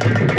Thank you.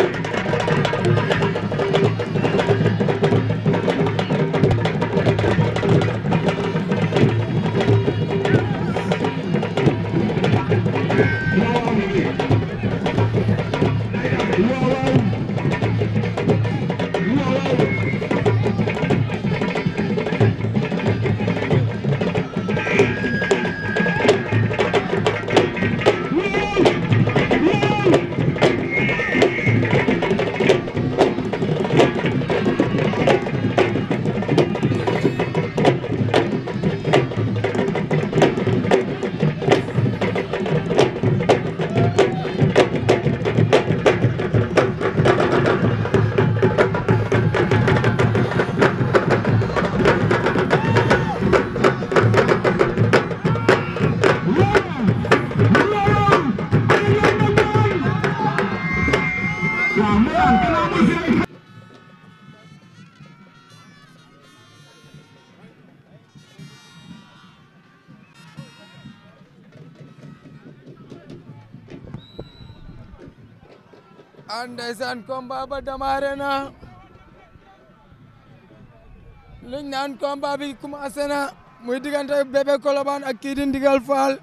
ndeysaan ndeysaan combat ba démarré na liñ naan combat bi commencé na muy diggante bébé Colobane ak kii di Ndigal Fall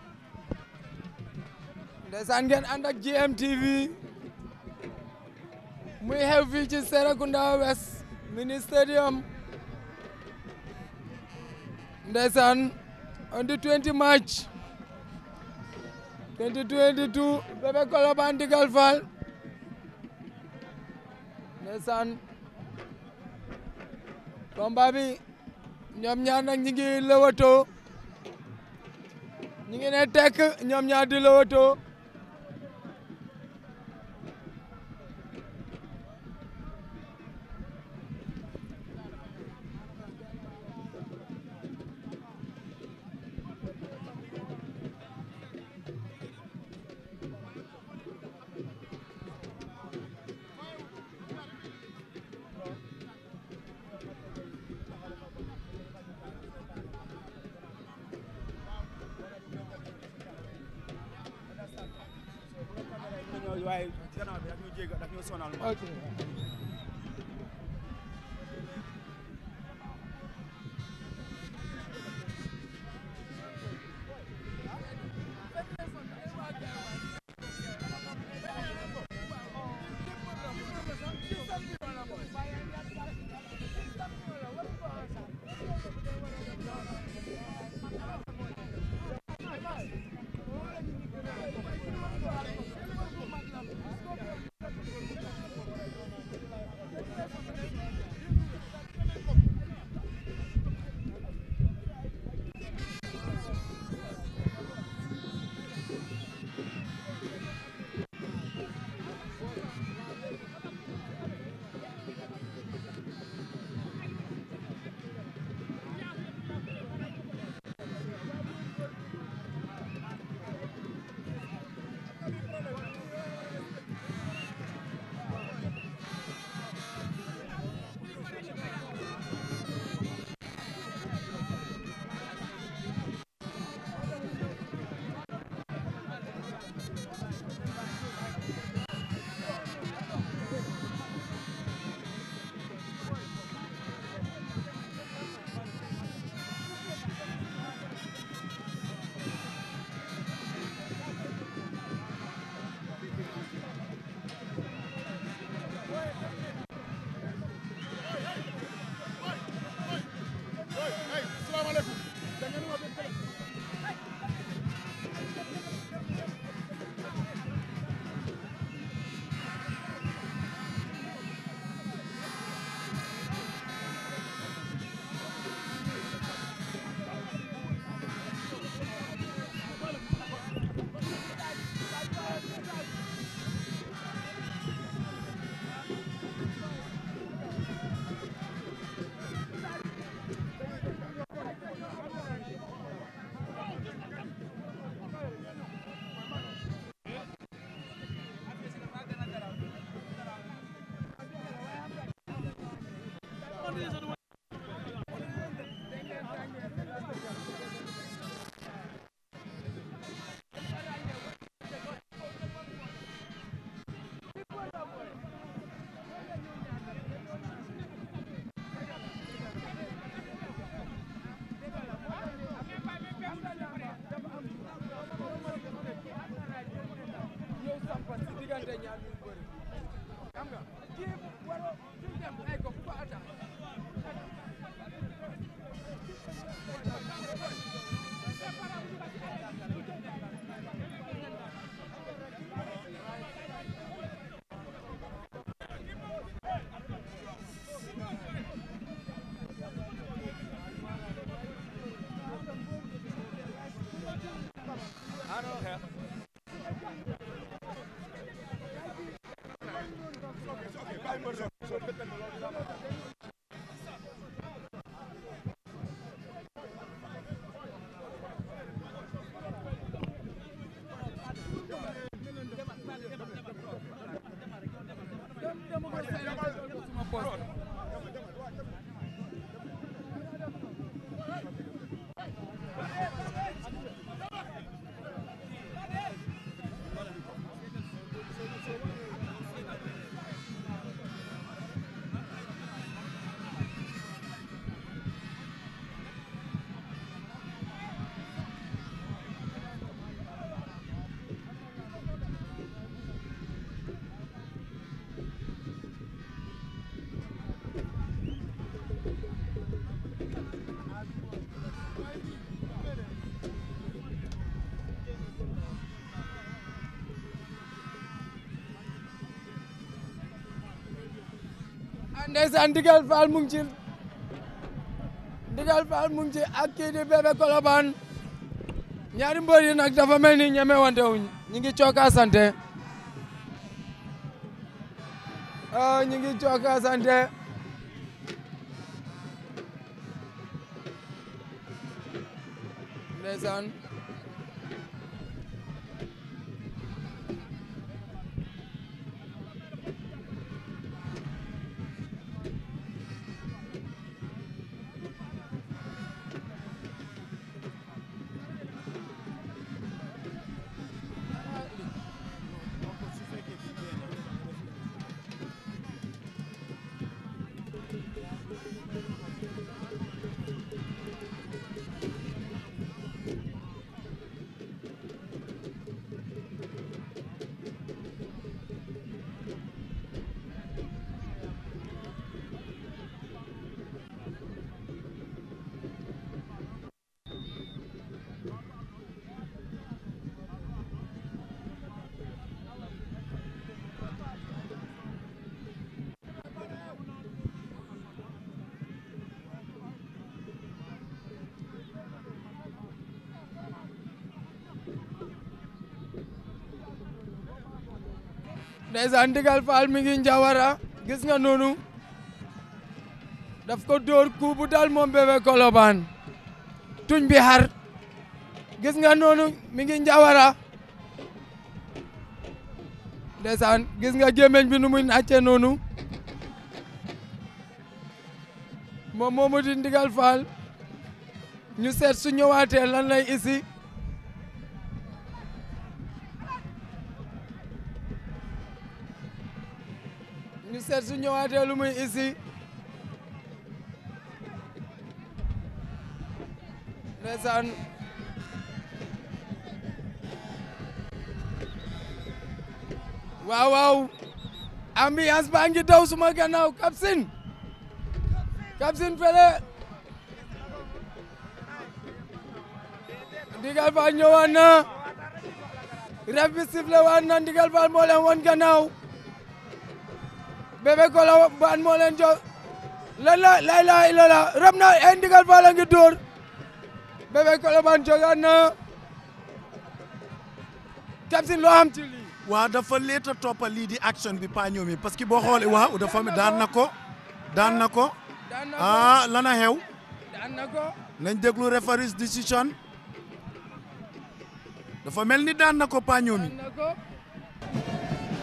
ndeysaan GMTV muy xew fii ci Serekunda West mini stadium ndeysaan on the 20 March 2022 bébé Colobane Ndigal Fall ndeysaan combat bi ñoom ñaar nag ñi ngi lewatoo ñi ngi ne tekk ñaar di lewatoo ndeysaan ndigal faal mu ngi ci ndigal mu ngi ci ak di bébé Colobane ñaari mbër yi nag dafa mel ni ñeme wante wuñ ñu ngi cooka sante ah ñu ngi cooka sante ndeysaan ndigal faal mi ngi njawara gis nga noonu daf ko dóor ku dal moom bébé kolobaan tuñ bi xar gis nga noonu mi ngi njawara ndeysaan gis nga gémmiñ bi nu muy nàcce noonu moom moomu di faal ñu seet su ñëwaatee lan lay isi peut-être su ñëwaatee lu muy ici ndeysaan waaw waaw baa ngi daw suma gannaaw kapsin kapsin fele ndigal faal ñëwaat ref bi sifle waat na ndigal faal moo leen woon Bébé Cola ban moo leen jox lan la lay lay ndigal fa dóor Bébé Cola ban jogaan na Kapsin loo xam ci lii waaw dafa leeta lii di action bi pa parce que boo xoolee waaw dafa daan na ko daan na ko ah lana xew daan na referee's decision dafa mel ni daan na ko pa ñoom yi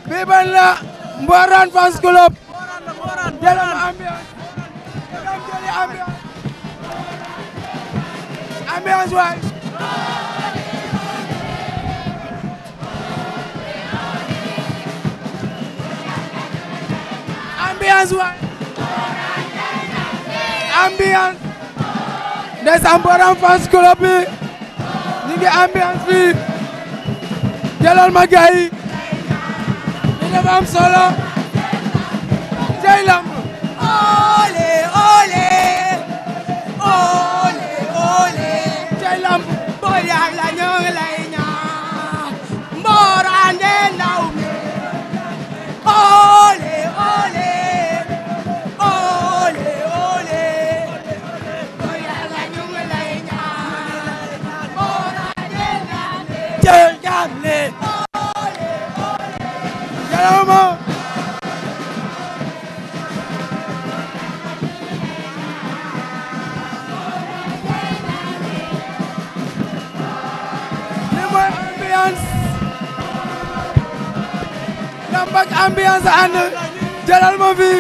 bi Mboran fans club dalam ambiance dalam jëli ambiance ambiance waay ambiance waay ambiance ndeysaan Mboran fans club bi ñu ngi ambiance bi jëlal ma gaay dafa am solo jey lamb ole ole ole ole jey lamb boy yaa ياما Lambak ambiance ànd jëlal ma fii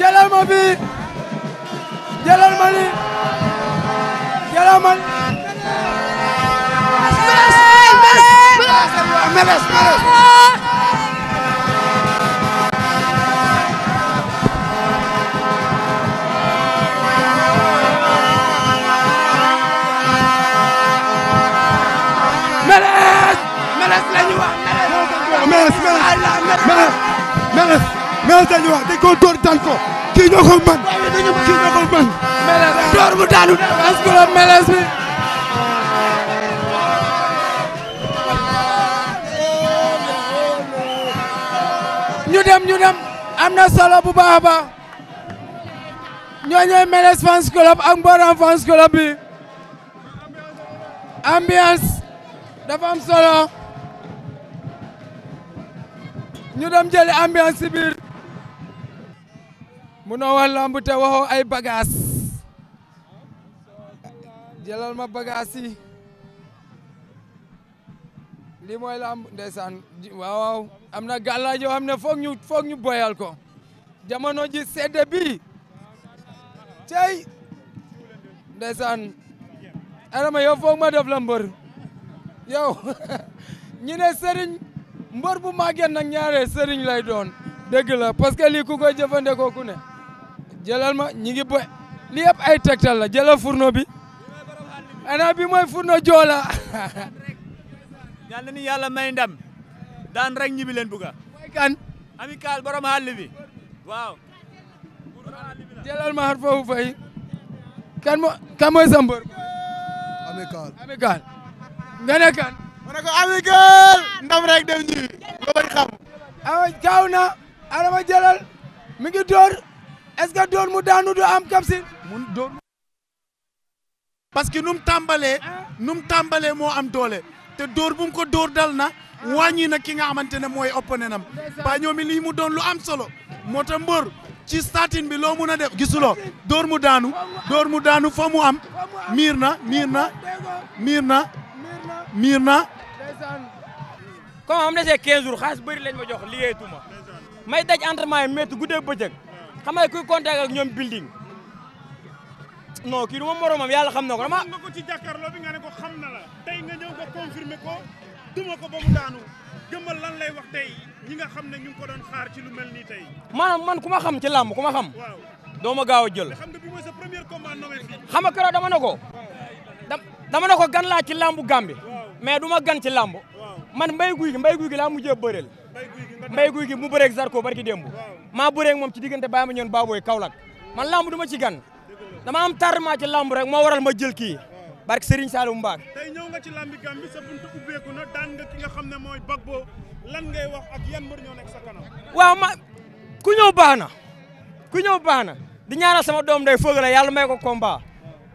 jëlal ma fii jëlal ma lii jëlal ma meles meles meles Mass Mass dañu wax dañ ko ko kii ñoo ko mën kii ñoo ko mën door mu daanu Mass Borom Mass bi ñu dem ñu dem am na solo bu baax ñoo ñooy Mass fans club ak Borom fans club bi ambiance dafa solo ñu daam jëli ambiance si biir munoo wax lamb te waxoo ay bagage jëlal ma bagage yi lii mooy lamb ndeysaan waaw waaw am na gàllaaj yoo ñu boyal ko jamono ji sedd bi cey ndeysaan adama yow foog ma def la mbër yow ñi ne sëriñ mbër bu màgget nak ñaare sëriñ lay doon deug la parce que li ku koy ko ku ne jëlal ma ñi ngi boy li yeb ay tektal la jëlal fourno bi ana bi moy fourno jola yalla ni yalla may ndam daan rek ñibi leen buga mooy kan amical borom xàll bi waaw jëlal ma har fofu fay kan mo kan moy sa mbër amical amical nga kan ma na adama jëlal mi que dóor parce que nu tàmbalee nu mu tàmbalee moo am doole te dóor bum ko dóor dal na wàññi na ki nga xamante ne mooy opponent am ba ñoomi lii mu doon lu am solo moo tax mboor ci starting bi loo mun a def gisuloo dóor mu daanu dóor mu daanu fa mu am miir na miir na miir na miir na. comme am na see 15 jours xaalis bëri lañ ma jox liggéeyatuma may daj entraînement yi métti guddee bëccëg xam nga kuy contact ak ñoom building non kii du ma moromam yàlla xam na ko dama. nga ko ci jàkkaarloo bi nga ne ko xam na la tey nga ñëw nga confirmer ko duma ko ba daanu gëmmal lan lay wax tey ñi nga xam ne ñu ngi ko doon xaar ci lu mel nii tey. maanaam man ku ma xam ci làmb ku ma xam. waaw doo ma gaaw a jël. xam ne bi mooy sa premier combat nommé fii. xam nga dama ne ko. dama ne gan laa ci làmbu Gambie. mais duma gan ci làmb man mbay guy gi mbay guy gi laa mujjee bëreel mbay guy gi mu bëreeg Zarko demb démb maa bëreeg moom ci diggante bàyyi ma ñoon baabooy Kaolack man làmb du ma ci gan dama am tarma ci làmb rek moo waral ma jël kii barki Serigne Saliou Mbaak tey ñëw nga ci làmbi sa buntu ubbeeku na ki nga xam ne mooy Gbagbo lan ngay wax ak yan mbër ñoo nekk sa waaw ma ku ñëw baax na ku ñëw baax na di ñaanal sama doom day foog la yàlla may ko combat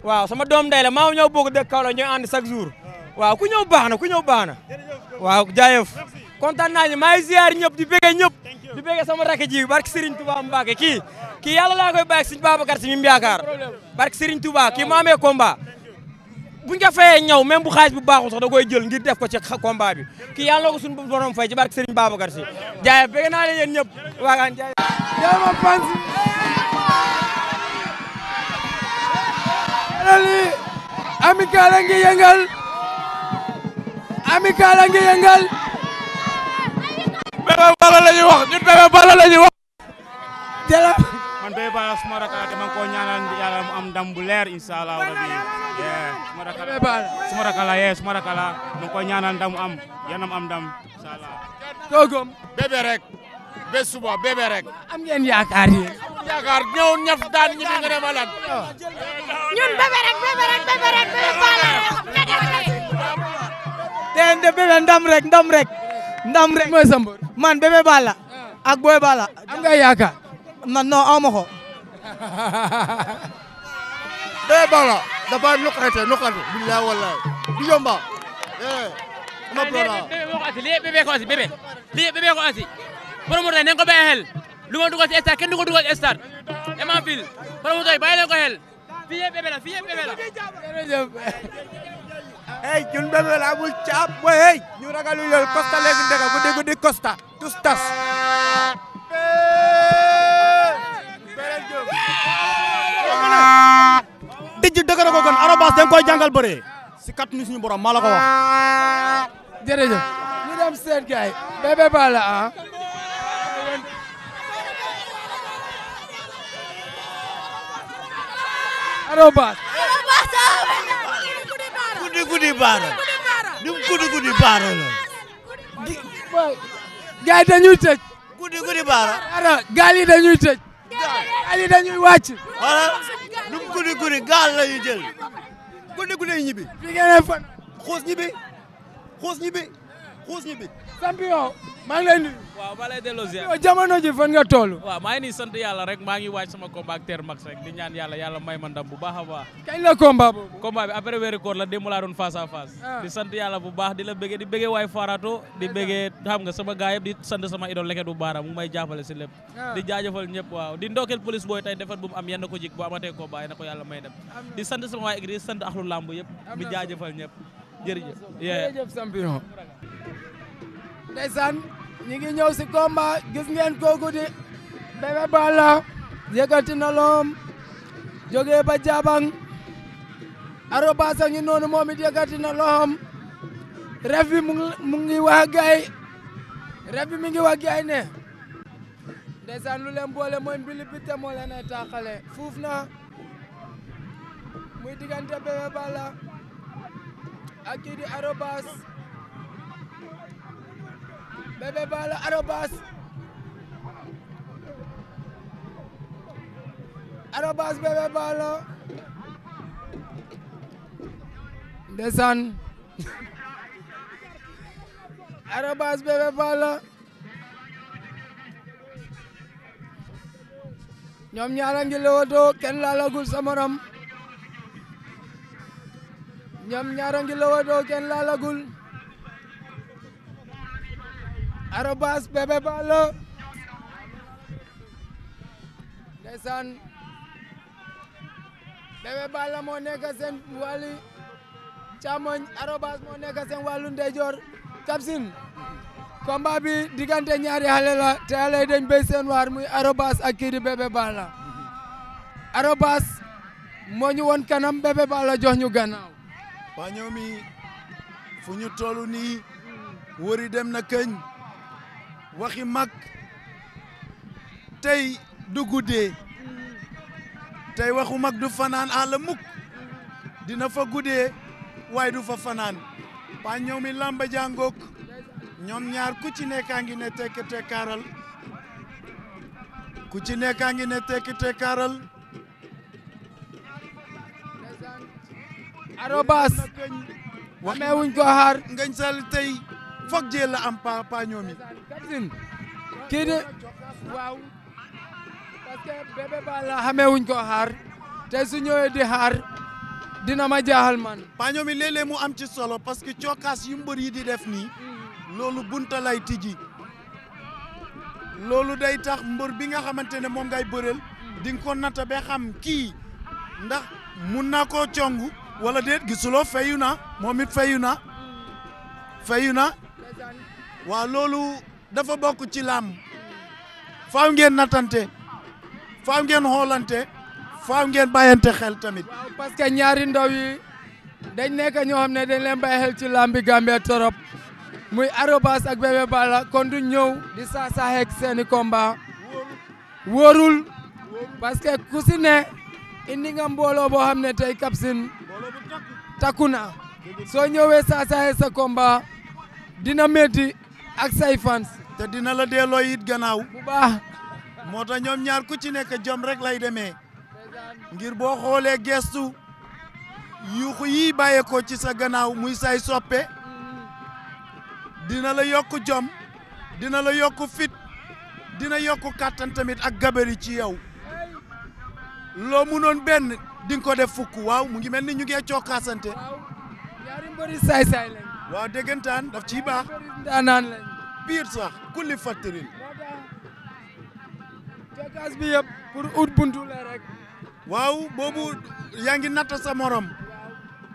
waaw sama doom day la maa ñëw bokk dëkk Kaolack ñooy ànd chaque jour waaw ku ñëw baax na ku ñëw baax na waaw jaayëf kontaan naa ni maa ngi ziar ñëpp di bëggee ñëpp di bëggee sama rakk ji barke Serigne Touba Mbacke kii kii yàlla laa koy bàyyi ak Serigne Babacar Sy mi mu yaakaar barke Serigne mu amee combat bu ñu ko fayee ñëw même bu xaalis bu baaxul sax da koy jël ngir def ko ci combat bi kii yàlla na ko suñu borom fay ci barke Serigne Babacar Sy jaayëf bëgg naa leen yéen ñëpp waagaan jaay ma fans amicale a ngi amical a ngi yëngal Bébé Balla la ñuy wax ñun Bébé Balla la ñuy wax jëla man Bébé Balla suma raka dama ko ñaanal yàlla mu am ndam bu leer inshallah rabbi suma raka la suma raka la yee suma raka la ma ko ñaanal ndam am yanam am ndam inshallah toogom bébé rek be suba bébé rek am ngeen yaakaar yéen yaakaar ñëw ñaf daan ñi nga dama lan ñun bébé rek bébé rek bébé rek bébé Balla den de bébé ndam rek ndam rek. ndam rek mooy sa man bébé Balla. ak Boy Balla. am nga yaakaar. man non aw ma ko. bébé Balla dafa nuqate nuqatu. billahi wallahi du yomba. Eh, ma plora lii bébé ko asi bébé lii bébé ko asi. promoteur nañ ko bàyyi xel lu ma dugal ci stade kenn du ko dugal ci stade dama fil promoteur bàyyi leen ko xel fii yëpp la fii yëpp la. hey ñun bébé la amul caab mooy hey ñu ragalu loolu Costa léegi ndega bu dégg di Costa tous tas dijj dëgg na ko kon arobas da nga koy jàngal bëree ni suñu borom maa la ko wax jërëjëf ñu dem seen gaay bébé ah. arobas arobas ah. guddi guddi baara dim guddi guddi baara la. gaay dañuy tëj. guddi guddi gaal yi dañuy tëj. gaal yi dañuy wàcc. wala dim guddi guddi gaal la ñu jël. guddi guddi ñibbi. fi ngeen fan. xuus xuus ñibbi. champion maa ngi lay nuyu. waaw maa lay delloo ziar jamono ji fan rek maa ngi sama combat ak Terre Max rek di ñaan yàlla yàlla may ma ndam bu baax a baax. kañ la combat boobu. Ah. di sant yàlla bu di la di bëggee waay Farato. di bëggee xam nga sama gaay di sant sama idole leket bu baaraam mu may ah. di jaajëfal ñëpp waaw di ndokkeel police booy tey defet bu mu am yenn ko jik bu amatee combat di sant sama waa di sant axlu làmb di jaajëfal ñëpp jërëjëf. jërëjëf champion ndeysaan ñi ngi ñëw si combat gis ngeen kooku di Bébé Balla na loom jógee ba jaabang arobas a ngi noonu moom it yëkkati na loxoom ref mu ngi wax gaay ref ngi wax ne ndeysaan lu leen mooy mbili bite moo leen ay fuuf na muy diggante Bébé Balla ak Bébé Balla arobas arobas Bébé Balla arobas Bébé Balla ñoom ñaara ngi lewoto kenn laalagul sa ñoom ñaara ngi kenn laalagul arobas Bébé Balla ndeysaan Bébé Balla moo nekk seen wàllu càmmoñ arobas moo nekk seen wàllu ndeyjoor Kapsin combat bi diggante ñaari xale la te xale seen waar muy arobas ak kii di Bébé Balla moo ñu woon kanam Bébé Balla jox ñu gannaaw waa ñoom mi fu ñu toll nii wëri dem na këñ waxi mag tey du guddee tey waxu mag du fanaan àll dina fa guddee waaye du fa fanaan waa ñoom mi làmba jàngook ñoom ñaar ku ci nekkaa ngi ne tekk tekkaaral ku ci nekkaa ngi ne tekk tekkaaral arobas wameewuñ ko xaar ngañ tey foog jël la am pa pa kii de waaw parce que bébé xaar te su ñëwee di xaar dina ma jaaxal man. pa ñoom yi léeg mu am ci solo parce que cokkaas yu mbër yi di def nii loolu bunta lay tijji loolu day tax mbër bi nga xamante ne moom ngay bëreel di ko natta ba xam kii ndax mun naa koo congu wala déet gisuloo fayu na moom it fayu na fayu na waaw loolu dafa bokk ci làmb faaw ngeen nattante faaw ngeen xoolante faaw ngeen bàyyante xel tamit. parce que ñaari ndaw dañ nekk ñoo xam ne dañ leen bàyyi xel ci làmbi Gambie torop muy Arobas ak Bébé Balla kon du ñëw di saasaaxeeg seeni combat wóorul parce que ku si mbooloo boo xam ne tey Kapsin takku soo ñëwee saasaaxeeg sa combat dina métti. ak say fans te dina la delloo it gannaaw bu baax moo tax ñoom ñaar ku ci nekk jom rek lay demee ngir boo xoolee gestu yuuxu yi bàyyeekoo ci sa gannaaw muy say soppe dina la yokk jom dina la yokk fit dina yokk kàttan tamit ak gabari ci yow loo munoon benn di ko def fukk waaw mu ngi mel ni ñu ngi cookaasante. waaw waaw déggantaan daf ciy baax. daanaan biir sax kulli factrin te gaz bi yëpp pour ut buntu waaw boobu yaa ngi natt sa morom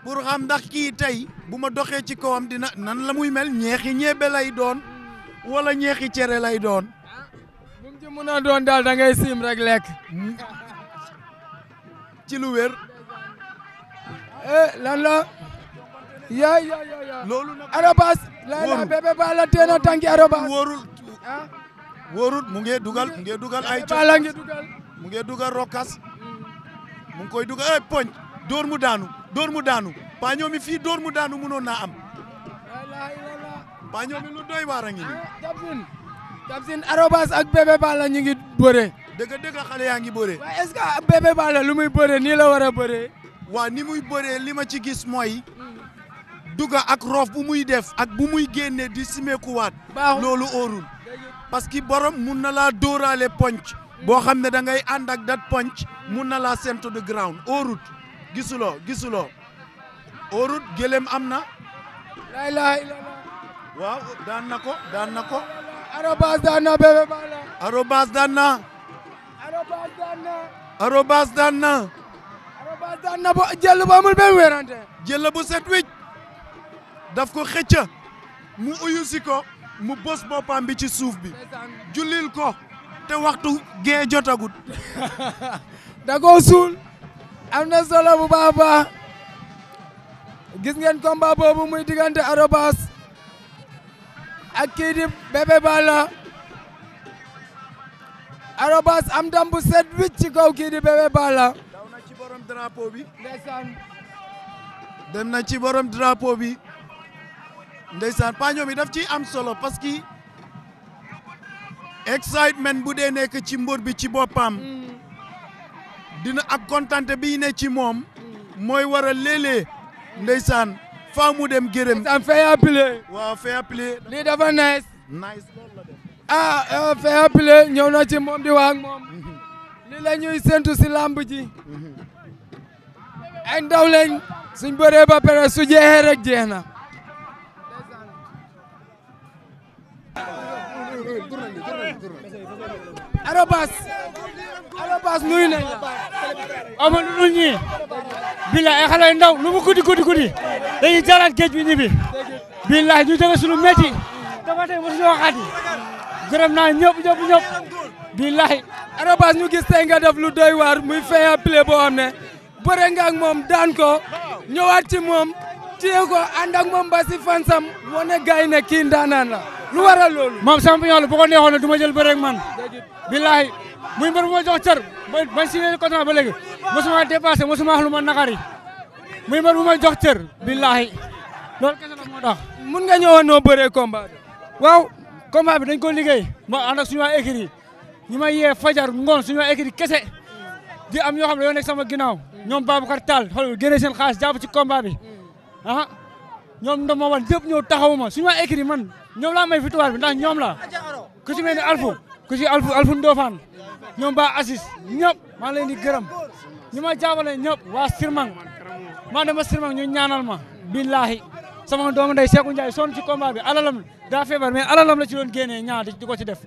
pour xam ndax kii tey bu ma doxee ci kawam dina nan la muy mel ñeexi ñebe lay doon walla ñeexi cere lay doon bu ah, mu ci mën a doon daal da ngay siim eh, lan la yaay yaay yaay loolu arabas wóorul Bébé Balla tee na tànki Arobas ah. wóorul mu ngi dugal mu ngi dugal ay coow mu ngi dugal rokas mu ngi koy dugal ay poñ dóor mu daanu dóor mu daanu paa ñoomi fii dóor mu daanu mënoon naa am paa ñoomi lu doy waar a ngi nii ah, Jabsin Arobas ak Bébé Balla ñu ngi bëre dëgg dëgg xale yaa ngi bëre waaye est-ce lu muy bëre nii la war a bëre waa ni muy bëre li ma ci gis mooy hmm. duga ak roof bu muy def ak bu muy génnee di simeekuwaat loolu óorul parce que borom mun na laa dóoraale ponc boo xam ne da ngay ànd ak dat ponc mun na laa séntu de ground óorut gisuloo gisuloo óorut gëlem am na laa ilaaha daan na ko daan na ko arobas daan na bébé bala arobas bu amul set wecc daf ko xëcca mu uyusi ko mu bës boppam bi ci suuf bi jullil ko te waxtu gee jotagut da koo suul am na solo bu baax a gis ngeen combat boobu muy diggante Arobas ak kii di Bébé Arobas am ndam bu ci kaw kii di Bébé daw na ci borom drapo bi ndeysaan pañoom yi daf ci am solo parce que excitement bu dee nekk ci mbër bi ci boppam mm. dina ak kontante bi ne ci moom mooy war a léeg-léeg mu dem gërëm. ndeysaan fair play. waaw fair play. lii dafa nice. nice loolu la def. Ah, ah, ñëw na ci moom di wax moom. Mm-hmm. lii la ñuy si lamb ji. Mm-hmm. ay ndaw suñ bëree ba pare su jeexee rek jeex na. Arobas Arobas nuyu nañ la. amul lu ñuy. billaay ay xale ndaw lu mu guddi guddi guddi dañuy jaraat géej bi ñibbi. billaay ñu jóge sunu métti. tey mosu ñu waxaat naa ñëpp ñëpp ñëpp. billaay. Arobas ñu gis tey nga doy waar muy fair play boo xam ne. bëre nga moom daan ko. ñëwaat ci moom. téye ko ànd moom ba fansam wane gars ne kii ndaanaan la. lu waral loolu mom champion la bu ko neexoon du ma jël bëre ak man billahi muy mbeur mo jox cër bañ si leen contrat ba léegi musuma dépasser musuma wax lu ma naqari muy mbeur bu ma jox cer billahi loolu kessa la moo tax mun nga ñëwoon noo combat waw combat bi dañ ko liggéey ma and ak suñu écrit ñi ma yé fajar ngon suñu écrit kese di am ñoo xam la sama ginnaaw ñoom Babacar tal xol gëné seen xaas ci combat bi ah ñom ndom wal wan ñoo taxawuma suñu écrit man ñom la may victoire bi ndax ñom la ku ci melni alfu ku ci alfu alfu ndofan ñom ba Assis ñop ma lay ni gërëm ñi ma ñop wa Sirmang ma dama Sirmang ñu ñaanal ma billahi sama doom ndey Seeku ndjay son ci combat bi alalam da febar mais alalam la ci doon gëné ñaar di ko ci def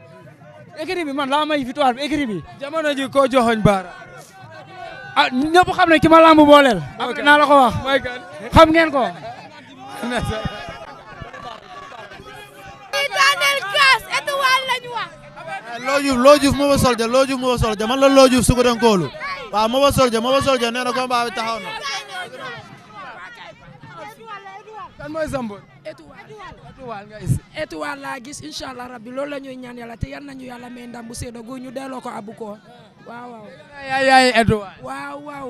écrit bi man la may victoire bi écrit bi jamono ji ko joxoñ baara ah ñëpp xam ne ma lamb booleel kan? ko loo juuf loo juuf Maba Souldia loo juuf Maba Souldia man la loo juuf su ko koolu waaw Maba Souldia Maba Souldia nee na combat kan mooy Zambon. étoile nga gis. rabbi loolu la ñuy ñaan yàlla te yal nañu yàlla may ndam bu seedo gu ñu delloo ko abu ko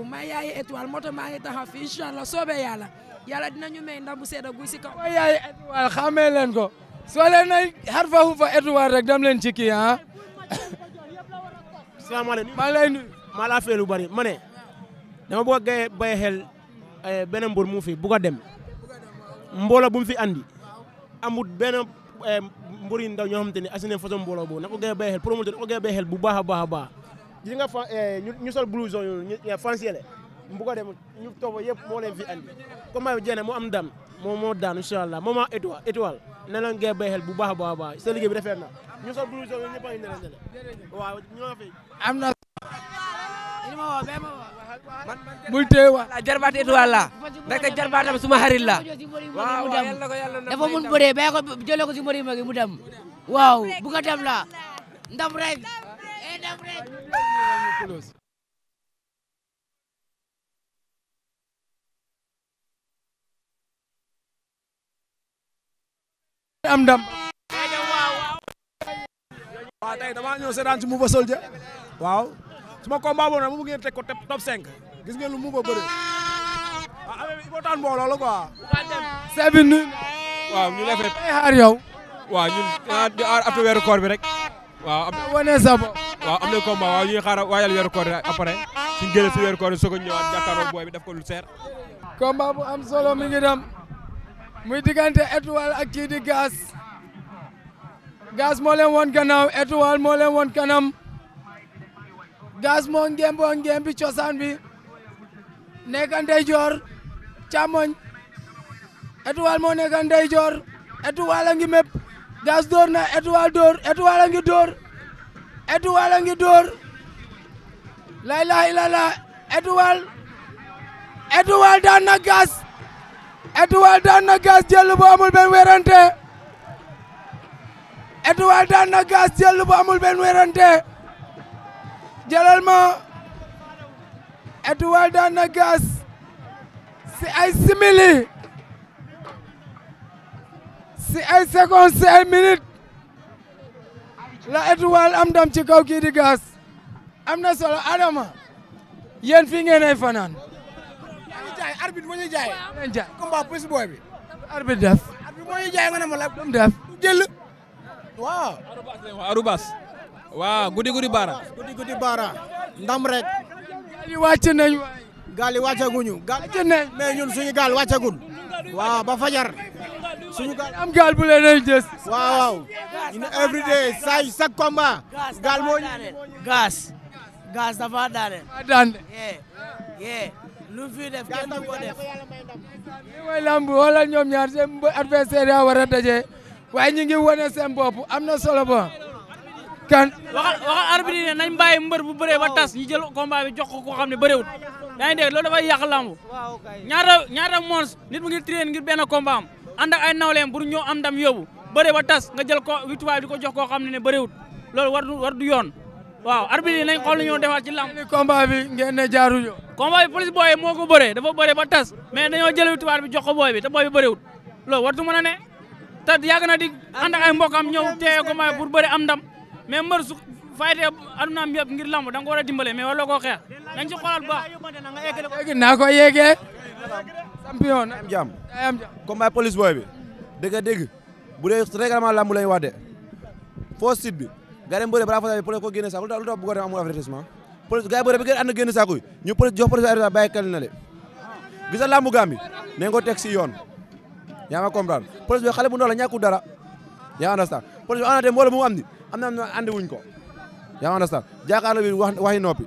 ma yaay étoile moto maa ngi taxaw fi incha allah soobee yàlla yàlla dinañu may ndam bu seedo gu si kaw. yaay ko. soo leen nay harfahu fa étoile rek dem leen ci kii ah. salaamaaleykum maa ngi lay nuyu. maa laa fee bari ma ne. dama bëgg a gaye bay xel eh, beneen mbër mu fi bu ko dem. mbooloo bu mu fi andi. amut benn eh, mbër yu ndaw ñoo xamante ni assuré façon mbooloo boobu na ko gaye bay xel promoteur na ko gaye bay xel bu baax a baax a baax. gis fa eh, ñu sol blouson yooyu ñu fancier la bu ko dem ñu toog yëpp moo leen fi andi. comme maa ngi jeex mu am dam moo moo daan incha allah moment étoile étoile. ne leen ngay bay xel bu baax baax a baax sa liggéey bi rafet na ñu sax bulu sow ñëpp a ngi ne waaw ñoo fi am na bul tee wa jarbaat étoile la ndaxte jarbaatam suma xarit la waaw dafa mun bëree bay ko jëlee ko si mbëri magi mu dem waaw bu ko la eh, ndam rek ndam rek am ndam. waaw tey damaa ñëw seetaan ci Mouba Soldier waaw suma combat boobu nag mu ngeen teg ko top 5 gis ngeen lu Mouba bëre waaw ah, affaire bi il faut tànn mbooloo waaw ñu def rek ay xaar yow. waaw ñun di aar après bi rek. waaw am na wane sa bopp. waaw am bi après si weeru koor bi soog a ñëwaat jàkkaarloo booy lu seer. combat bu am solo mi ngi muy diggante étoile ak kii di gaz gaz moo leen woon gannaaw moo leen bi cosaan bi nekka ndeyjoor càmmoñ étoile moo nekka ndeyjoor étoile a ngi mépp dóor na étoile dóor étoile a dóor étoile a dóor lay laay la la daan na gaz Étoile daan na Gaz jël bu amul benn werante Étoile daan na Gaz jël bu amul benn werante jëlal ma Étoile daan na si ay simili si ay seconde si ay minute la Étoile am ndam ci kaw kii di Gaz am na solo Adama yéen fii ngeen fanaan jaay arbitre moo ñuy jaay. waaw moo jaay combat plus ndam rek. gaal yi wàcc nañ. gaal yi wàccaguñu. gaal wàcc nañ mais ñun suñu gaal wàccagul. waaw ba fajar. suñu gaal am gaal bu leen jës. every day saa chaque combat. gaal moo gaas. dafa daaneel. lu mu fi def kenn du ko def. li mooy lamb wala ñoom ñaar seen adversaire yaa war a daje waaye am na solo ba. kan waxal waxal arbitre ne nañ bàyyi mbër bu bëree ba tas ñu jël combat bi jox ko koo xam ne bëriwul yaa ngi dégg loolu dafay yàq lamb mons nit mu ngi train ngir benn combat am ànd ak ay nawleem pour ñoo am ndam yóbbu bëree ba tas nga jël ko victoire ko jox koo xam ne ne bëriwul loolu war war yoon waaw arbi ni nañ xool ñoo defaat ci lamb. combat bi ngeen ne jaaruñu. combat bi police boy moko ko dafa bëree ba tass mais dañu jël jëlee tubaab bi jox ko boy bi te boy bi bëriwul lo wartu mën a ne ta yag na di and ak ay mbokam ñew ñëw ko may pour bëri am ndam mais mbër su aduna am yeb ngir lamb da nga wara dimbalé mais wala ko xeex nañ ci xolal ba baax. naa ko yeggee. champion am jam am jàmm combat police boy bi dégg nga bu dee règlement lamb lay wadé fo sit bi. gars yi bëre balaa fa police ko génne saako lu tax lu tax bëggoon amul avertissement police gars yi bi ngeen ànd génne saako yi ñu jox police arrêté bàyyi kal na le gis nga làmbu gaam bi ko teg si yoon yaa ma comprendre police bi xale bu ndaw la ñàkkul dara yaa understand police bi anate mbooloo mu am ni am na andi wuñ ko yaa understand jàkkaarloo bi wax waxi noppi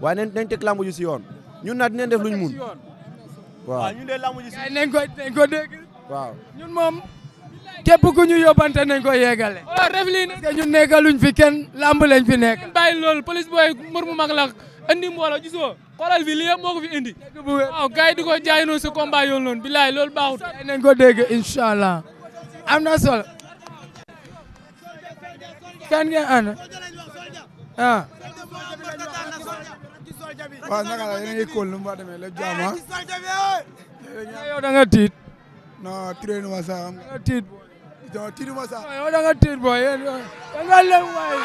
waaye nañ nañ teg làmbu ji si yoon ñun naa dinañ def luñ mun waaw ñun de làmbu ji si nañ ko dégg waaw ñun moom képp ku ñu yóbbante nañ ko yeegale. waaw oh, ref lii nag ñun nekkaluñ fi kenn làmb lañ fi nekk. bàyyi loolu police booy mër mu mag la indi mbooloo gisoo xoolal fi lii yëpp ko fi indi. waaw gars yi di ko jaay noonu si combat loolu baaxut. ko dégg incha am na solo. kan ngeen ànd ah. waaw naka la yéen a ngi kóol nu mu ba demee lépp jaam ah. yow da nga tiit. non tiré non tiituma sax. waaw yow da nga tiit booy yéen da nga lem waay.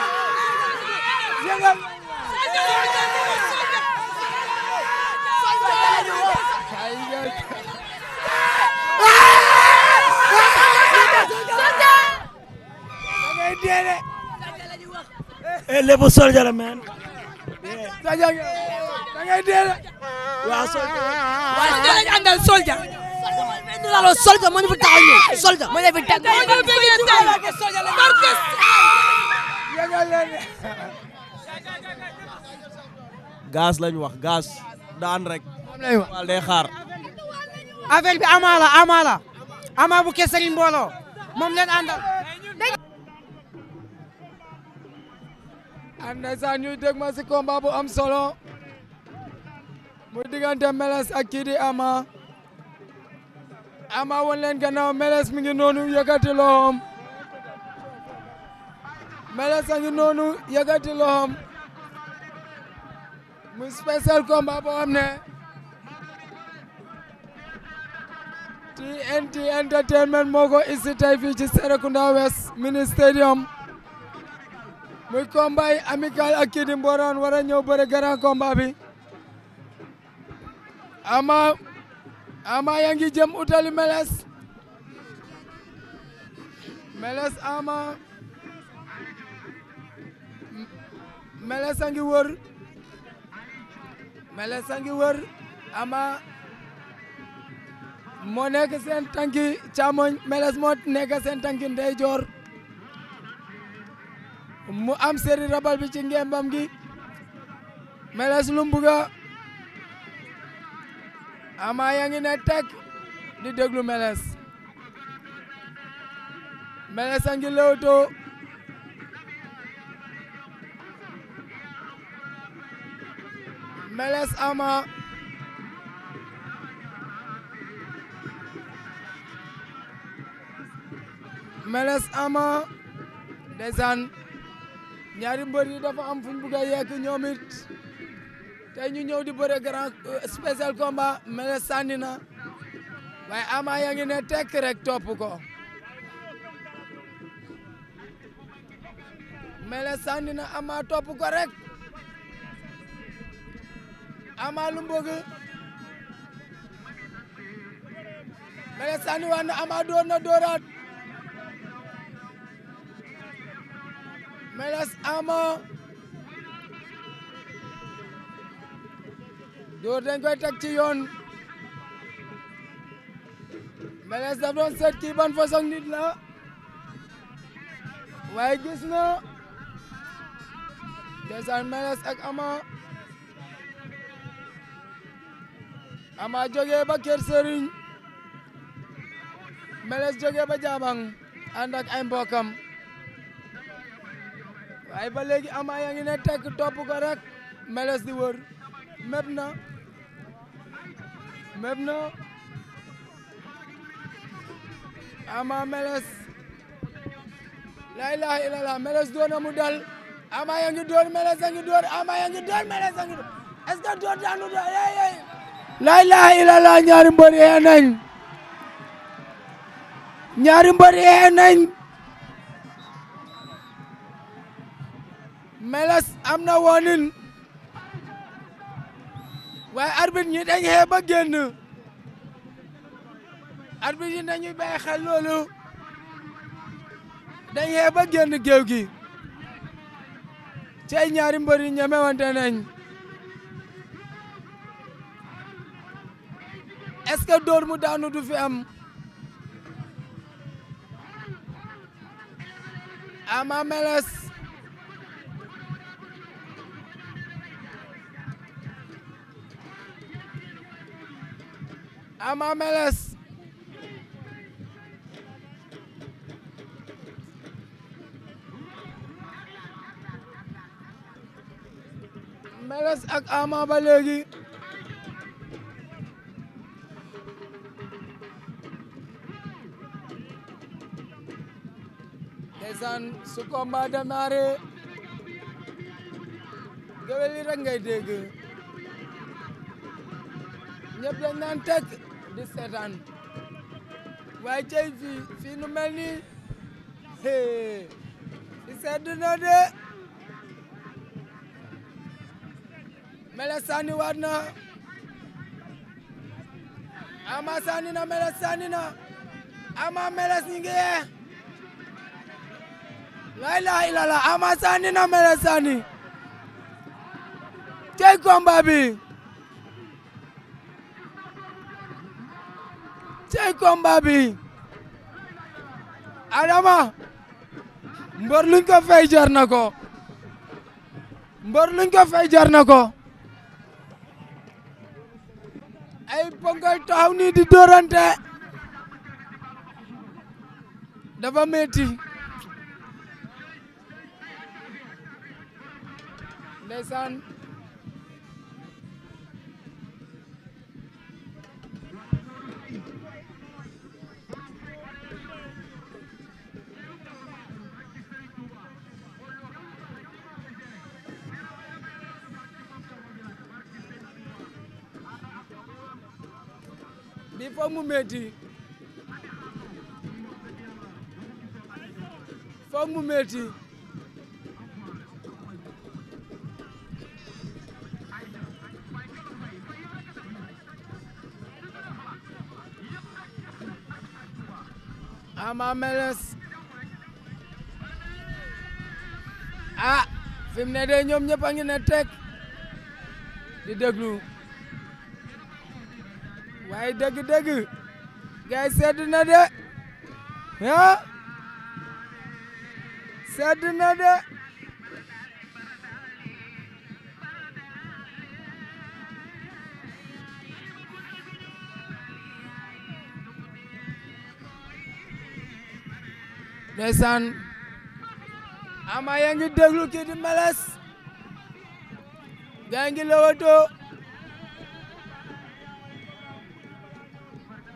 lépp soldier la man. da ngay dee de. waaw soldier. waaw soldier lañu àndal soldier. soldat moo ñu fi taxaw ñëw soldat moo ñu fi teg moo ñu fi teg Marcus gaz lañ wax gaz daan rek wal day xaar affaire bi ama la ama la ama bu kee sëriñ moom leen àndal am na sax ñuy dégg ma si bu am solo muy diggante Meles ak kii ama ama woon leen gannaaw Mélès mi ngi noonu yëkkati loxoom mu spécial combat boo xam ne TNT entertainment moo ko isti tey ci Serekunda West mini stadium muy combat yi amical ak Kidi ñëw bëre grand combat bi ama ama yaa ngi jëm utali meles meles ama meles a ngi wër meles a ngi wër ama moo nekk seen tànki càmmoñ meles moo nekk seen tànki ndeyjoor mu am séri rabal bi ci ngembam gi meles lu Ama yaa ngi ne teg di déglu Meles Meles a ngi Meles Ama Meles Ama ndeysaan ñaari mbër dafa am fu ñu bëgg a tey ñu ñëw di bëre grand euh, spécial combat mele sànni na waaye Ama yaa ngi rek topp ko mele sànni na Ama rek Ama lu mbëgg mele waan na Ama na dooraat meles Ama dóor dañ koy teg ci yoon Melees daf doon seet kii ban nit la waaye gis na ndeysaan Melees Ama Ama jógee ba Kër Sëriñ Melees jógee ba Jaabang ànd ay mbokkam waaye ba léegi Ama yaa ngi ne tekk topp ko rek Melees di wër mépp na Maintenant, Ama Meles la ilaha illallah Meles doon mu dal Ama yaa door Meles yaa door Ama yaa door Meles yaa door est door daanu do yey yey la ilaha illallah ñaari mbër yee nañ Meles am na wonin waaye arbitre ñi dañ xee ba génn arbitre yi nañu bàyyi xel loolu dañ xee ba génn géew gi ci ay ñaari mbër yi ñemewante nañ est-ce que dóor mu daanu du fi am Ama Mélès Ama Meles Meles ak Ama ba léegi ndeysaan su combat démarré gewel yi dégg ñëpp dañ naan di seetaan waaye cey fii fii mel nii fi sedd de mele sànni waat ama sànni na mele sànni na ama meles ñi ngi yee ama sànni na mele sànni cey combat combat bi Adama mbër luñ ko fay jar na ko mbër luñ ko fay jar ko ay ponkal taxaw nii di dóorante dafa metti foog mu métti ah, foog mu métti ne de ñoom ñëpp a ngi ne teg di déglu waaye dëgg-dëgg gars yi sedd na de ah ya? sedd na de ndeysaan ama yaa ngi déglu kii di meles gaa ngi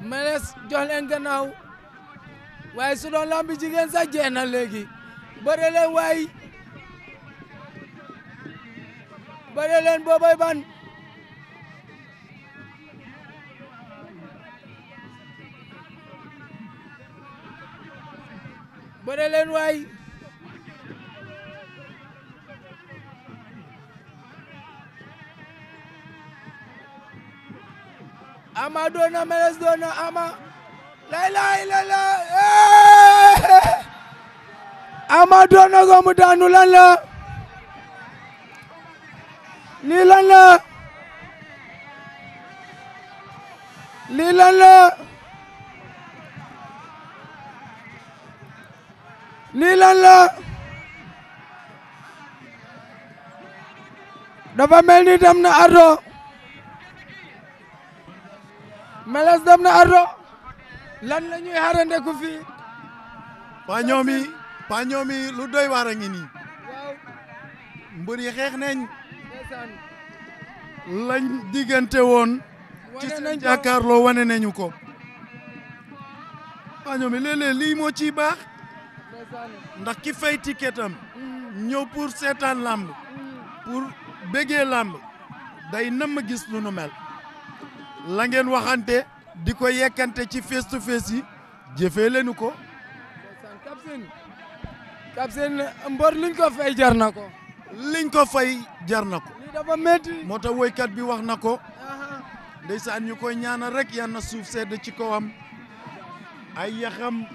mënees jox ganaaw waay waaye su doon lamb jigéen sax jeex na léegi bëre leen waay bëre leen ban bëre waay ama doona meles doona ama la ilaha eh. illallah doona ko daanu lan la lii lan dafa mel ni na ardo Meles dem na Ardo lan lañuy ñuy xaarandeku fii. paa ñoom yi paa ñoom yi lu doy war a ngi nii. mbër yi xeex nañ. lañ diggante woon. ci seen jàkkaarloo wane nañu ko. paa ñoom yi lii moo ciy baax. ndax ki fay ticketam. Mm. ñëw pour seetaan làmb. Mm. pour bëggee làmb. day nam ma gis lu nu mel. la ngeen waxante di ko yekkante ci face to face yi jëfee leenu ko Cap Sène Cap Sène mbër liñ ko fay jar na ko liñ ko fay jar na ko li dafa métti moo tax woykat bi wax na ko ndeysaan ñu koy ñaanal rek yan na suuf sedd ci kawam ay yaxam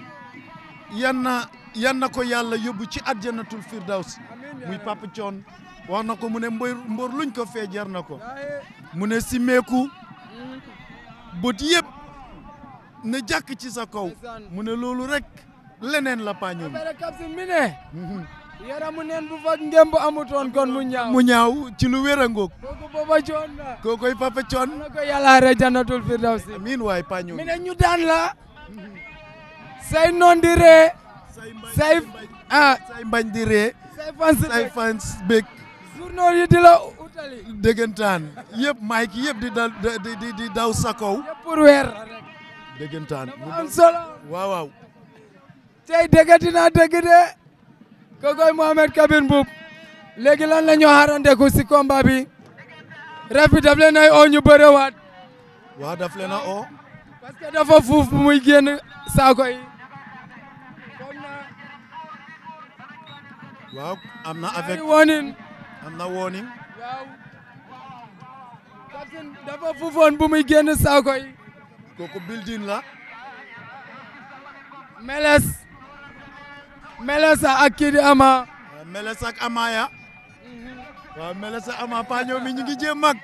yan na yan na ko yàlla yóbbu ci àjjanatul firdaws muy Papa Thione wax na ko mu ne mbër mbër luñ ko fee jar na ko mu ne si bët yëpp na jàkk ci sa kaw mu ne loolu rek leneen la pañoom mi ne yaramu neen bu fa ngémb amutoon kon mu ñaaw ci lu wér a ngoog kooku coon la kookoy papa coon na ko yàllaare jannatul firdawsi amiin waay pañoom mi ne ñu daan la say noon di ree say ah say di ree ah. fans say dëggantaan yëpp Mike yëpp di dal di daw sakow pour weer dëggantaan am solo waaw waaw tey dëgg dinaa dëgg de kokoy Mohamed Kabir Mboup léegi la ñoo bi ref bi ñu bërewaat waaw daf leen parce que dafa fuuf bu muy génn saako yi am na avec woonin waaw Tyson dafa fufoon bu muy génn saako yi kooku building la meles meles ak kii di ama euh, meles ak ama ya waaw meles ak ama pa ñoom mi ñu ngi jéem mag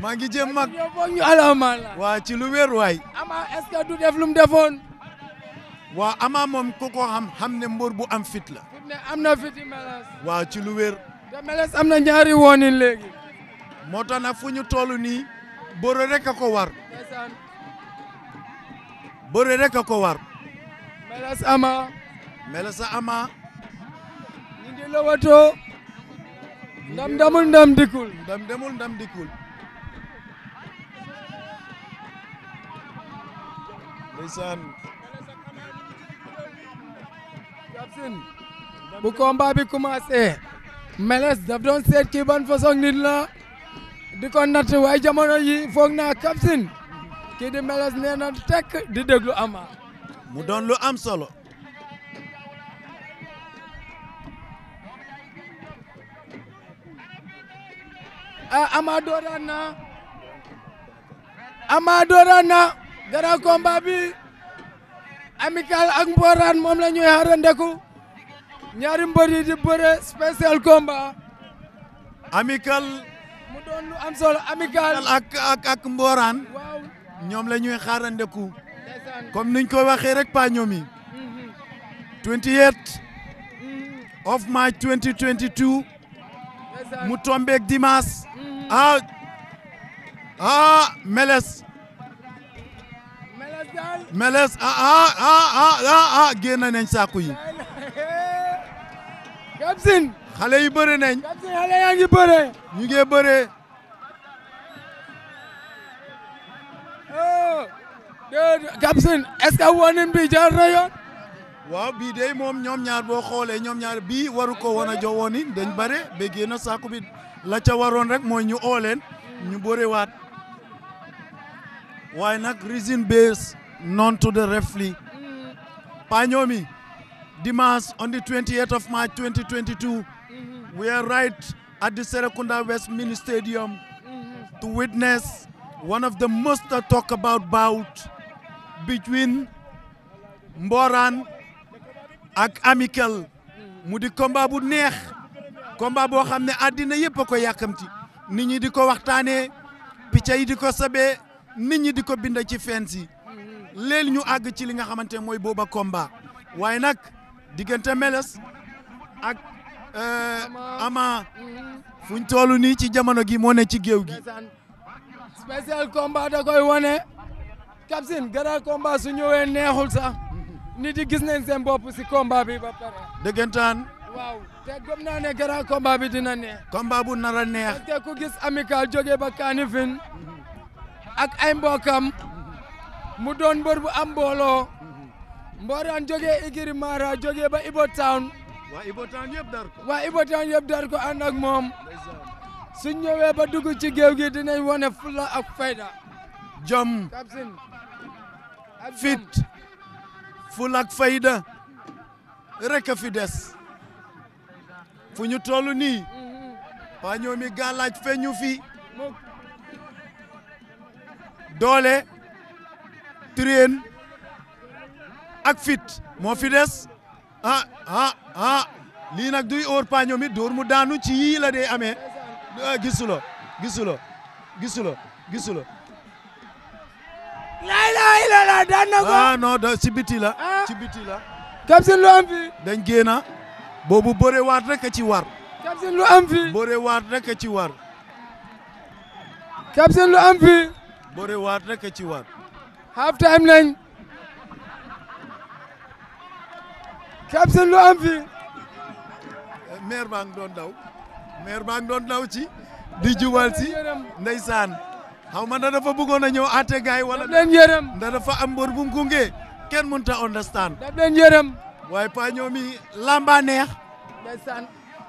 maa ngi jéem mag ñu alama la waa ci lu wér waay ama est-ce que du def lu mu defoon waa ama moom ku ko xam xam ne mbër bu am fit la am na fit meles waaw ci lu wér Meles am na ñaari wooni léegi. moo tax nag fu ñu toll nii bëre rek a ko war. bëre rek a ko war. Meles Ama. Meles Ama. ñu ngi lëwatoo. ndam demul ndam dikkul. ndam demul ndam dikkul. ndeysaan. Kapsin bu combat bi Meles daf doon seet kii ban nit la di ko natt waaye jamono yi foog naa kapsin kii Meles nee na di déglu Ama mu doon lu am solo ah, Ama dooraan na Ama dooraan na grand combat bi amical ak mbooraan moom la ñuy xaarandeku ñaari mbër yi di bëre spécial combat. ak ak ñoom la ñuy xaarandeku. comme niñ ko waxee rek pa ñoom yi. 28 of March 2022. mu tombeeg dimanche. Mm-hmm. ah ah Meles. Meles ah ah ah ah, ah génn saako yi. Kapsin xale yi bëre nañ. Kapsin xale yaa ngi bëre. ñu ngi bëre. Kapsin oh. est que wonin bi jaar na waaw bii day moom ñoom ñaar boo xoolee ñoom ñaar bii waru ko woon a jox dañ bare ba génn saako bi la ca waroon rek mooy ñu oo leen ñu bërewaat waaye nag reason based non to the refli. Mm. paa ñoomi Dimas on the 28th of March 2022, mm we are right at Serekunda West Stadium to witness one of the most talked about bout between Mboran ak Amical mu di combat bu neex combat boo xam ne àddina yëpp a ko yàkkamti nit ñi di ko waxtaanee picca yi di ko sabee nit ñi di ko bind ci fenn si ñu àgg ci li nga xamante ne mooy booba combat waaye nag digganta Meles ak euh, Ama mm-hmm. fu ñu toll nii ci jamono gi moo ne ci géew gi. spécial combat da koy wane. Kapsin grand combat su ñëwee neexul sax nit yi gis nañ seen si combat bi ba pare. dëggantaan. waaw te gëm naa ne bi dina neex. combat bu nar neex. te ku gis amical jógee ba Kanifing ak ay mbokam mu doon mbër bu am mbooloo. Mboraan jógee Ikiri Mara jógee ba Ibo Town. waa Ibo Town yëpp dar ko. waa moom. suñ ñëwee ba dugg ci géew gi dinañ wone fula ak fayda. jom fit fula ak fayda rek a fi des fu ñu toll nii mm-hmm. waa ñoomi gàllaaj feñu fi doole train ak fit moo fi des ah ah ah lii nag duy óor paa ñoom it dóor mu daanu ci yii la dee amee gisulo ah, gisulo gisulo gisulo lay lay la la daan na ko ah non da ci biti la ah. ci biti la Kapsin lu am fi dañ génna boobu bëre waat rek a ci war Kapsin lu am fi bëre waat rek a ci war Kapsin lu am fi bëre waat rek a ci war half time nañ Cap Sène lu am fi maire daw maire maa ngi daw ci di jubal si ndeysaan xaw ma da dafa bëggoon a ñëw àtte gaay wala leen yërëm da dafa am mbër bu mu gunge kenn mënut a understand daf leen yërëm waaye pa lamba neex ndeysaan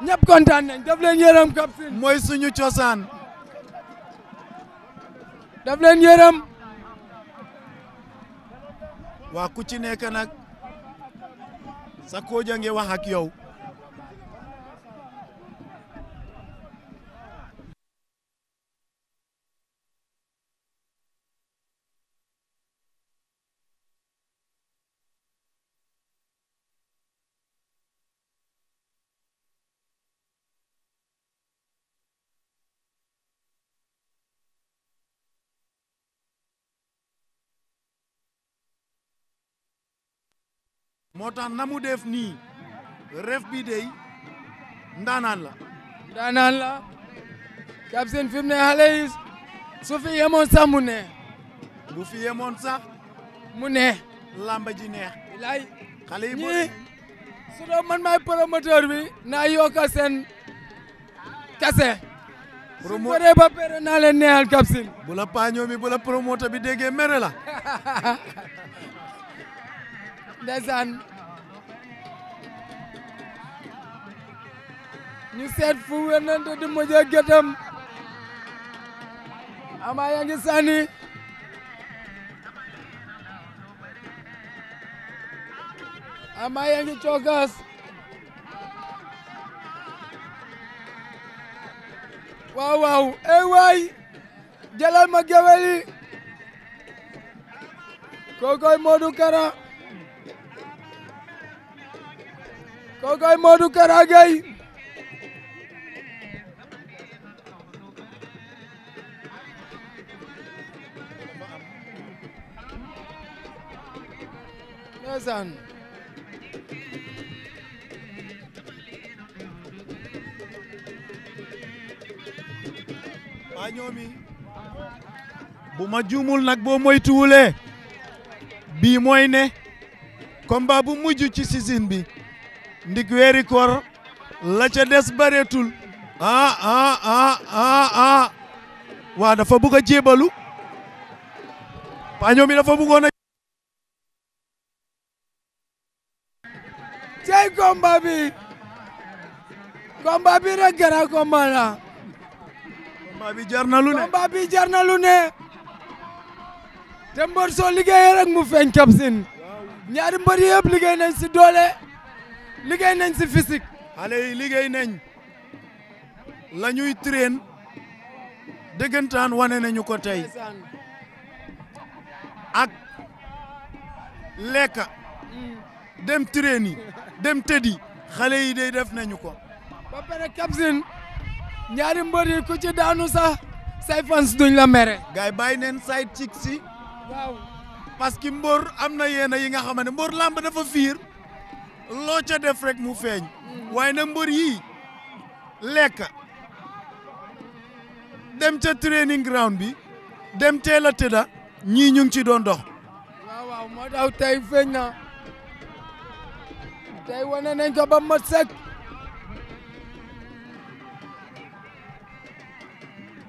ñëpp daf leen yërëm Cap suñu cosaan daf leen yërëm waa ku ci nekk sa koo jàngee wax ak yow moo tax na mu def nii ref bi dey ndaanaan la ndaanaan la Cap Sène fi ne xale yi su fi yemoon sax mu ne bu fi yemoon sax mu ne lamba ji neex lay xale yi ñii su doon man maay bi naa yokka seen kase promo su bëree ba pere naa leen neexal Cap Sène bu la paañoo bi bu la promoteur bi déggee mere la ndeysaan ñu seet fu wenante di mujjee gétam ama yaa ngi sànni ama cookaas waaw waaw ey ma gewel yi kookoy Kara kookoy Modou Kara Gueye ndeysaan maa ñoomi bu ma juumul nag boo moytuwulee bii mooy ne combat bu mujj ci saison bi ndik weeri koor la ca des bareetul ah, ah, ah, ah waa dafa bëgg jébalu paañoo mi dafa cey combat bi combat bi rek gara combat la combat bi jar na lu ne combat bi jar ne te mbër soo liggéeyee rek mu feeñ kapsin ñaari mbër yëpp liggéey nañ si doole liggéey nañ si physique xale liggéey nañ la ñuy train dëggantaan wane nañu ko tey ak lekka hmm. dem train dem tëddi xale yi day def nañu ko. ba pare Kapsin ñaari mbër yi ku ci daanu sa say fans duñ la mere. gars yi bàyyi neen say cig si. waaw parce que mbër am na yenn yi nga xam ne mbër làmb dafa fiir loo ca def rek mu feeñ. Mm. waaye na mbër yi lekk dem ca training ground bi dem teel a tëdda ñii ñu ngi ci doon dox. tey wane nañ ko ba ma sëkk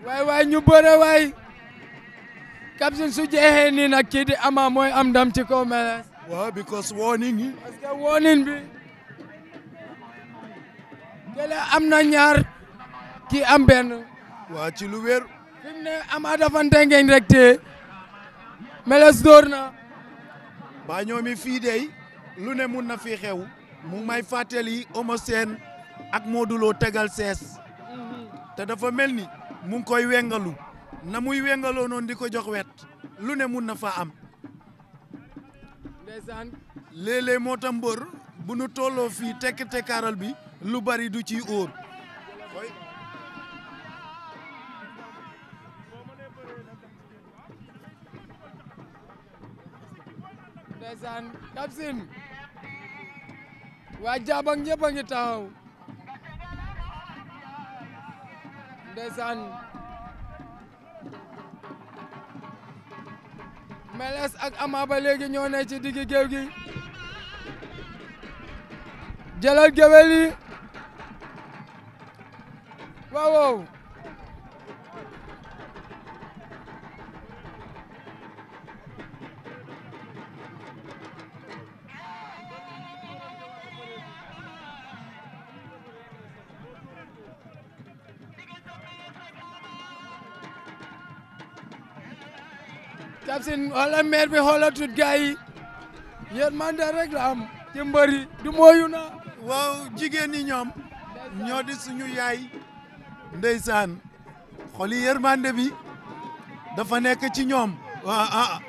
waay waay ñu bëre waay Kapsin su jeexee nii nag mooy am ndam ci kaw Meles because warning yi parce am na ñaar ki am ben waa ci lu wér fi ne Ama dafa ndengeñ rek tee Meles door na baa ñoomi fii dey lu ne mun na fi xew mu may fàttali Eumeu Sène ak Modou Lo tegal sees te dafa mel ni mu koy wengalu na muy wengaloo noonu di ko jox wet lu ne mun na fa am ndeysaan léeg moo tax bu nu tolloo fii tekk tekkaaral bi lu bari du ci óor ndeysaan Kapsin waa jaabang ñëpp a ngi taaw ndeysaan Melees ak Ama ba léegi ñoo ne ci diggi géew gi jëlal géwél yi waaw waaw Babsin wala maire bi xoolatut gars yi yéen man de la am ci du mooyu na waaw jigéen ñi ñoom ñoo di suñu yaay ndeysaan xoli yërmande bi dafa nekk ci ñoom waaw ah, ah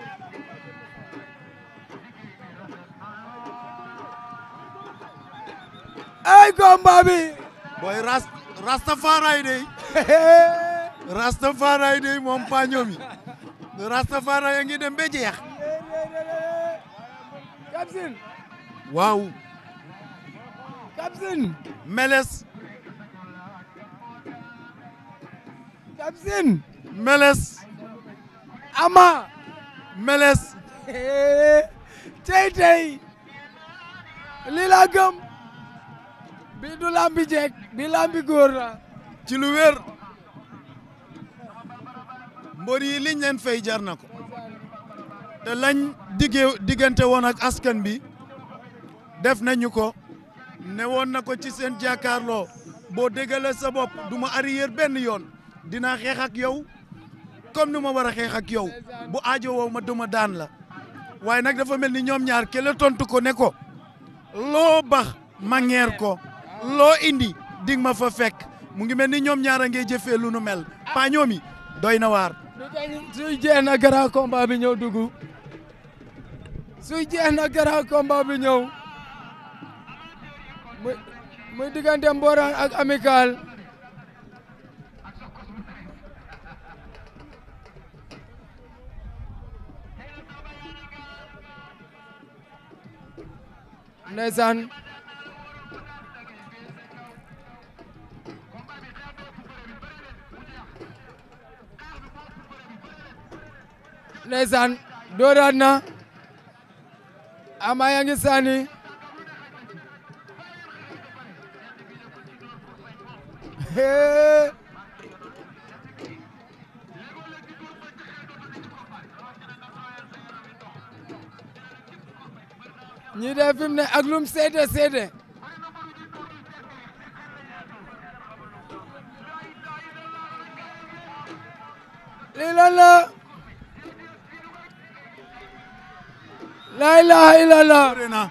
ay combat bi booy ras Rastafari day Rastafari day moom pañoom Rastafari ya ngi dem ba jeex. Kapsin. waaw. Kapsin. Meles. Kapsin. Meles. Ama. Meles. tey tey lii laa gëm. du lambi jeeg bi lambi góor la. ci lu wér. mbër yi liñ leen fay jar na te lañ diggee diggante woon ak askan bi def nañu ko ne woon na ko ci seen jàkkaarloo boo déggalee sa bopp du arrière benn yoon dinaa xeex ak yow comme ni ma war ak yow bu aajo woo ma duma daan la waaye nag dafa mel ni ñoom ñaar kele tontu ko neko ko bax ma ngeer ko lo indi ding ma fa fekk mu ngi mel ni ñoom ñaar a lu nu mel doy na lu tax suy jeex na grand combat bi ñëw dugg suy jeex na grand combat bi ñëw diggante Mborane ak ndeysaan dooraat na ama yaa ngi sànni ñi def fi mu ne ak lum seede seede lii laa ilaha illallah. bëre na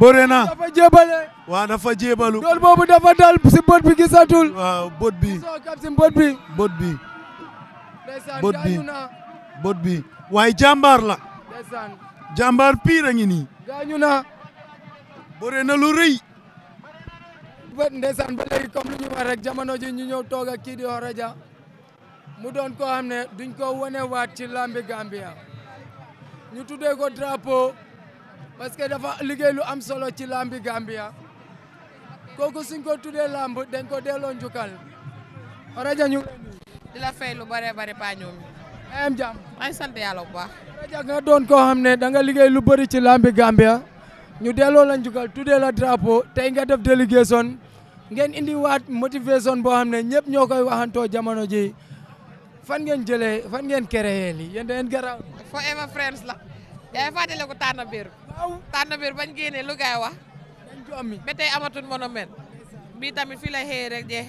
bëre na. dafa jébale. waaw dafa jébalu. loolu boobu dafa dal si bët bi gisatul. waaw bët bi soo kap waaye jàmbaar la. jàmbaar pire a ngi nii. gaañu na. bëre na lu rëy. ba ndeysaan ba léegi ñu wax rek ji ñu ñëw toog ak kii di Horoja mu doon koo xam ne duñ ko wane waat ci lambi Gambia. ñu tuddé ko drapeau parce que dafa liggé lu am solo ci lambi Gambia koku suñ ko tuddé lamb dañ ko délo ñukal raja ñu. dila fay lu bare bare pa ñoom. maa jam ay sante yalla bu baax. raja nga doon ko xamné da nga liggé lu bari ci lambi Gambia ñu délo la ñukal tuddé la drapeau tay nga def délégation ngeen indi waat motivation bo xamné ñepp ñëpp waxanto jamono ji fan ngeen jëlee fan ngeen créé lii yéen da gara garaaw. Forever Friends la. yaay fàttali ko tànn biir. waaw bañ génnee lu gaay wax. dañ ko am ba tamit fii la xëy rek jeex.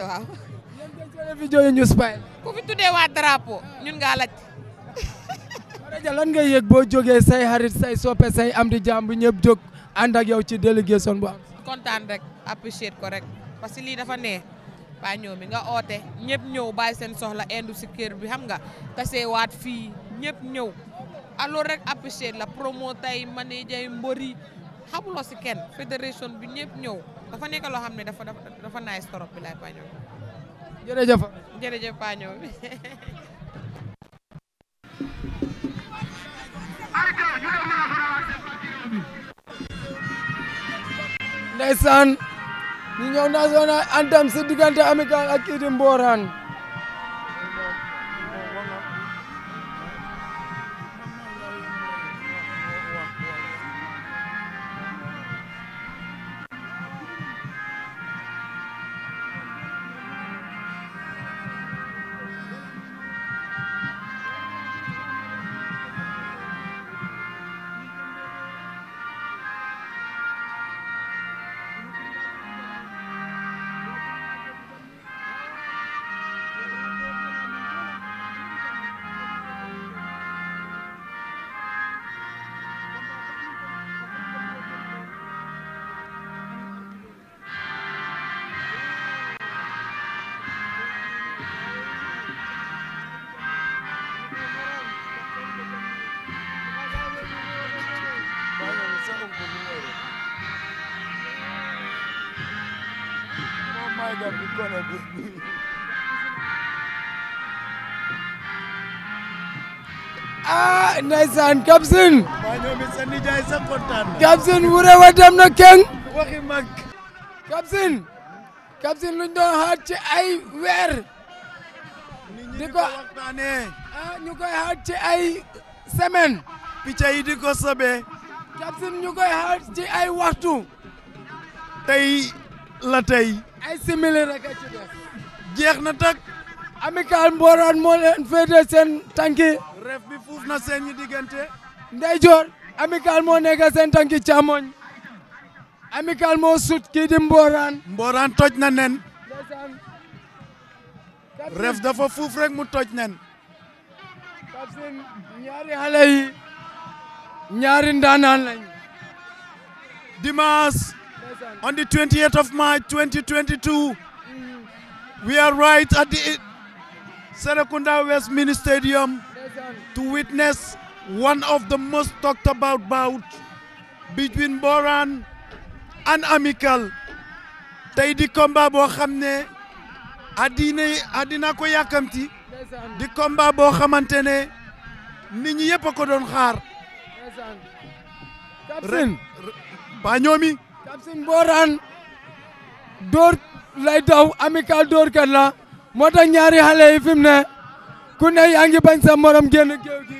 Ah. waaw. yéen ngeen jëlee vidéo yi ñu spy. ku fi tuddee waa drapeau ñun ngaa laaj. rajo lan ngay yëg boo jógee say xarit say soppe say am di jàmb ñëpp jóg ànd ak yow ci délégation bu am. kontaan rek apprécier ko rek parce que lii dafa neex. pañoo bi nga oote ñëpp ñëw bàyyi seen soxla indu si kër bi xam nga tasewaat fii ñëpp ñëw alors ah, rek apprécier la promo tay manager mbëri xamuloo si kenn fédération bi ñëpp ñëw dafa nekk loo xam ne dafa dafa dafa nice bi laay pañoo bi jërëjëf jërëjëf pañoo ñu ñëw national anthem si diggante amical ak kii di ñoom ñu kono Kapsin wure wa dem na keng Kapsin Kapsin luñ doon xaar ci ay weer di ko ah, ñu koy xaar ci ay semaine picc di ko sobee Kapsin ñu koy xaar ci ay waxtu tey la tey ay jeex na tak amical mbooraan moo leen féete seen tànki ref bi fuuf na seen ñi diggante ndeyjoor amical moo nekk seen tànki càmmoñ amical moo sut kii mbooraan mbooraan toj na nen ref dafa fuuf rek mu tooj nen kapsin ñaari xale yi ñaari ndaanaan lañ on the 28th of March 2022. We are right at the Serekunda West Mini Stadium to witness one of the most talked about bouts between Boran and Amical tey di combat boo xam adina addina addina ko yàkkamti di combat boo xamante nit ñi yëpp a ko doon xaar ren ba ñoomi Tamsine Borane dóor lay daw amical dóor kat la moo tax ñaari xale yi fi mu ne ku ne yaa ngi bañ sa morom génn géew gi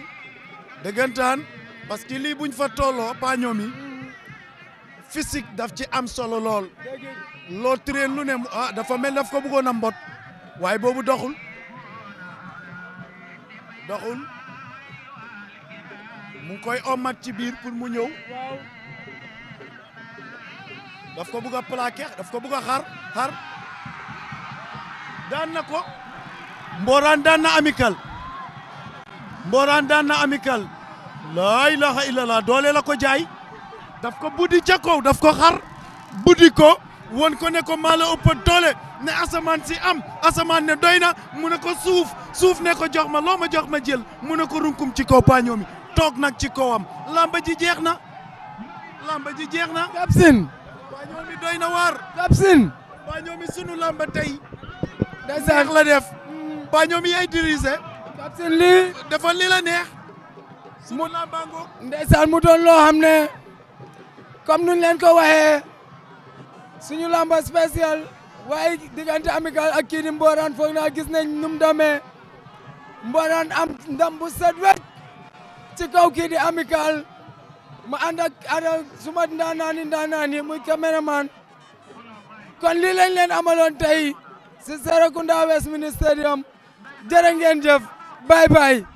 dëggantaan parce que lii buñ fa tolloo pa ñoom yi physique daf ci am solo lool loo train lu ne ah, dafa mel daf ko bëggoon a mbot waaye boobu doxul doxul mu ngi koy omat ci biir pour mu ñëw daf ko bëgg a plaqué ko bëgg xar xar daan na ko mbooraan daan na amical mbooraan daan na amical laa ilaha illallah doole la ko jaay daf ko buddi ca kaw daf ko xar buddi ko won ko ne ko maa la ëpp doole ne asamaan si am asamaan ne doy na mu ne ko suuf suuf ne ko jox ma loo ma jox ma jël mu ne ko runkum ci kaw pañoo toog nag ci kawam lamba ji jeex na lamba ji jeex na. Kapsin. ñoom it doy na tey. ndeysaan la def. waa mm. ñoom it ay dirigé. lii. dafa li la neex. sunu lambango. ndeysaan mu doon loo xam ne comme nuñ leen ko waxee suñu làmba spécial waaye diggante amical ak kii di foog naa gis nañ num demee Mborane am ndam bu set wecc ci kaw kii amical. ma ànd ak ànd ak suma ndaanaan yi ndaanaan yi muy kon lii lañ leen amaloon tey si Serekunda West Mini Stadium jërë ngeen jëf bye bye.